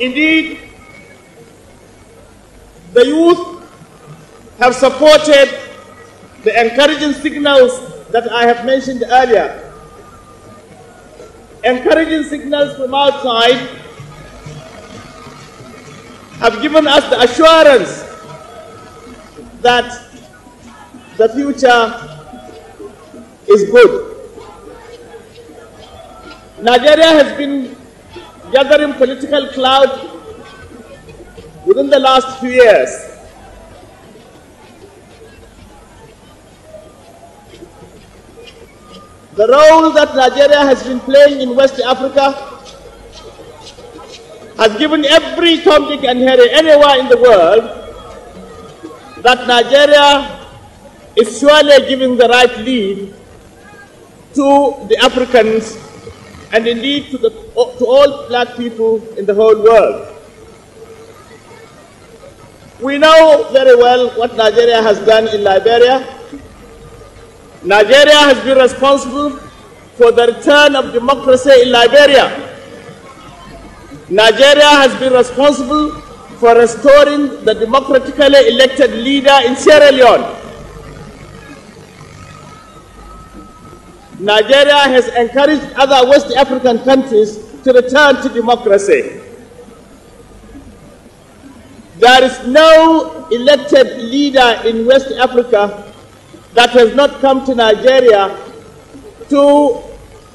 Indeed, the youth have supported the encouraging signals that I have mentioned earlier. Encouraging signals from outside have given us the assurance that the future is good. Nigeria has been gathering political cloud within the last few years. The role that Nigeria has been playing in West Africa has given every Tom, Dick and Harry anywhere in the world that Nigeria is surely giving the right lead to the Africans and indeed to, the, to all black people in the whole world. We know very well what Nigeria has done in Liberia. Nigeria has been responsible for the return of democracy in Liberia. Nigeria has been responsible for restoring the democratically elected leader in Sierra Leone. Nigeria has encouraged other West African countries to return to democracy. There is no elected leader in West Africa that has not come to Nigeria to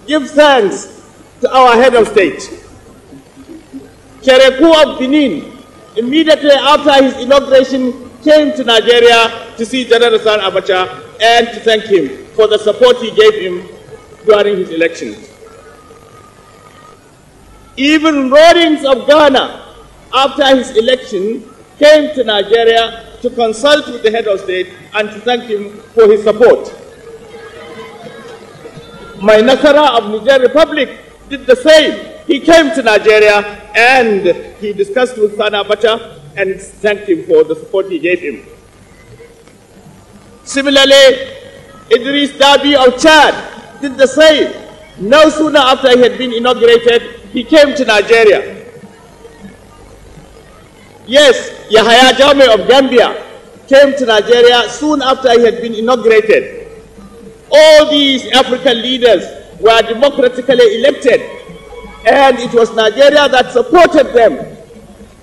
give thanks to our head of state. Chereku of Benin, immediately after his inauguration, came to Nigeria to see General San Abacha and to thank him for the support he gave him during his election. Even Rawlings of Ghana, after his election, came to Nigeria to consult with the head of state and to thank him for his support. My Nakara of Niger Republic did the same. He came to Nigeria and he discussed with Sana Abacha and thanked him for the support he gave him. Similarly, Idris Dabi of Chad did the same. No sooner after he had been inaugurated, he came to Nigeria. Yes, Yahya Jame of Gambia came to Nigeria soon after he had been inaugurated. All these African leaders were democratically elected, and it was Nigeria that supported them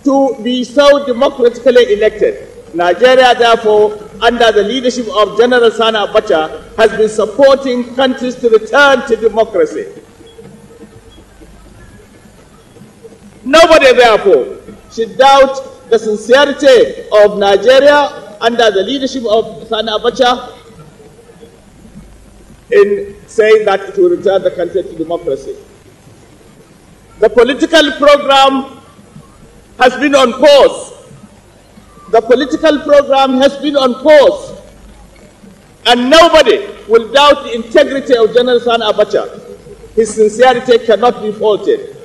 to be so democratically elected. Nigeria, therefore, under the leadership of General Sani Abacha has been supporting countries to return to democracy. Nobody, therefore, should doubt the sincerity of Nigeria under the leadership of Sani Abacha in saying that it will return the country to democracy. The political program has been on pause the political program has been on course, and nobody will doubt the integrity of General San Abacha. His sincerity cannot be faulted.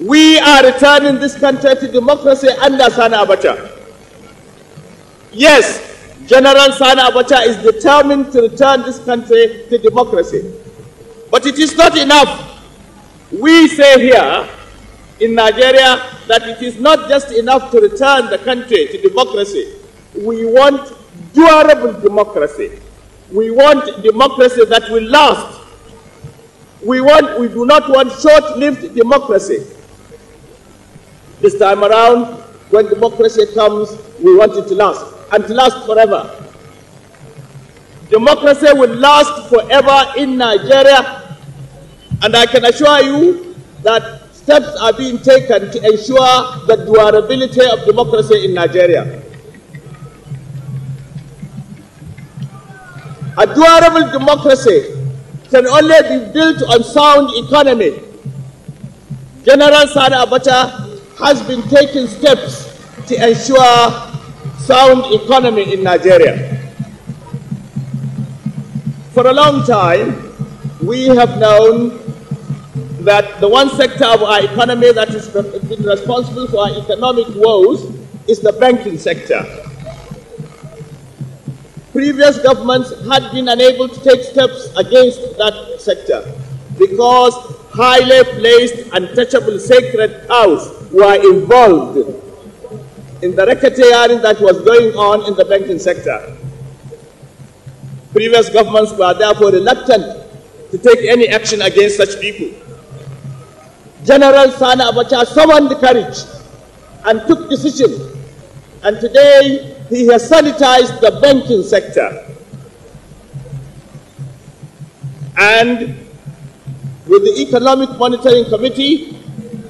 We are returning this country to democracy under San Abacha. Yes, General San Abacha is determined to return this country to democracy. But it is not enough. We say here in Nigeria that it is not just enough to return the country to democracy. We want durable democracy. We want democracy that will last. We, want, we do not want short-lived democracy. This time around, when democracy comes, we want it to last, and to last forever. Democracy will last forever in Nigeria, and I can assure you that steps are being taken to ensure the durability of democracy in Nigeria. A durable democracy can only be built on sound economy. General Sani Abacha has been taking steps to ensure sound economy in Nigeria. For a long time, we have known that the one sector of our economy that is responsible for our economic woes is the banking sector. Previous governments had been unable to take steps against that sector because highly placed untouchable sacred cows were involved in the racketeering that was going on in the banking sector. Previous governments were therefore reluctant to take any action against such people. General Sana Abacha summoned courage and took decision. And today he has sanitized the banking sector. And with the Economic Monitoring Committee,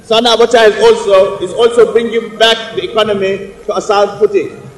Sana Abacha is also, is also bringing back the economy to a sound footing.